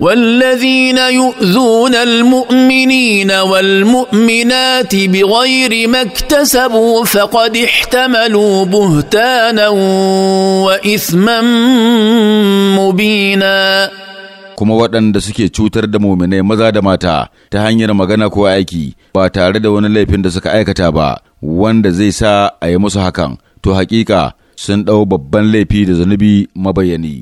والذين يؤذون المؤمنين والمؤمنات بغير ما اكتسبوا فقد احتملوا بهتانا واثما مبينا kuma waɗanda suke cutar da muminai maza da mata ta hanyar magana ko aiki ba tare da wani laifin da suka aikata ba wanda zai sa a yi musu hakan to hakika sun ɗau babban laifi da zunubi mabayani